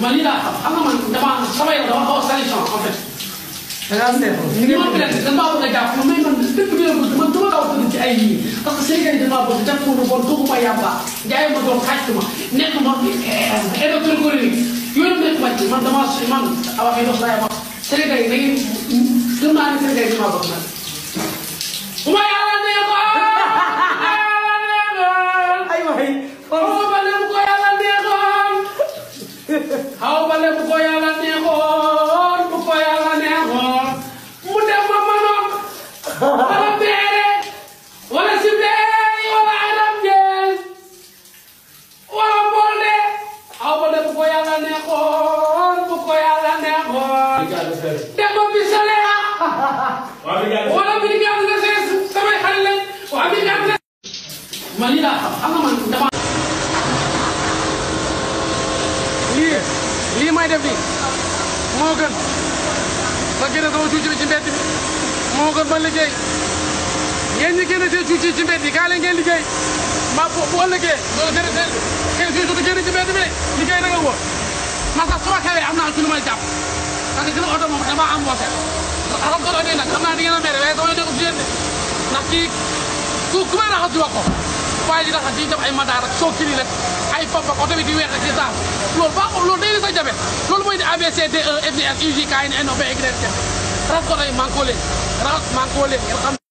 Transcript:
man lii laa xam xam nga man damaa sama yow dama xaw a solution en fait. da ngaa seetlu li ngeen ko defee damaa bëgg a jàpp man man dëkk bi la ko man dama gaaw a ci ay yii parce que Sénégal damaa bëgg def ko lu bon dugg ma yàmba jaay ma doon xaaj ma nekk ma électronique yooyu nekk ma ci man damaa su man awa ay dox laay wax Sénégal yi da ngeen gëm naa ne Sénégal yi damaa bëgg nag. xaw ma le bu ko yàlla neexoon bu ko yàlla neexoon mu def ma manoon wala beere wala si beere wala adam jees wala boole xaw ma le bu ko yàlla neexoon bu ko yàlla neexoon def ma bi sale wala bi di gàll na sees samay xale lañ waa bi gàll na man yi laa xam xam nga man dama lii may def nii moo gën ma génne sama cuuci ci bi moo gën ma liggéey yéen ñi génne seen cuuci ci mbedd yi kaa leen ngeen liggéey ma bu bu ëllëgee doo génne seen seen suy sutu génne ci mbedd bi na nga wóor ma xewee am naa ci lu may jàpp moom damaa am mboose a mere de di wax ko waaye di raxas di ay madaar soo kiri rek ay fab ak oto bi di weex ak di taal dafa jabet loolu mooy di ABCD e, e, e F G H I J K L M N O P Q R S T transport ay manqué leen raxas manqué leen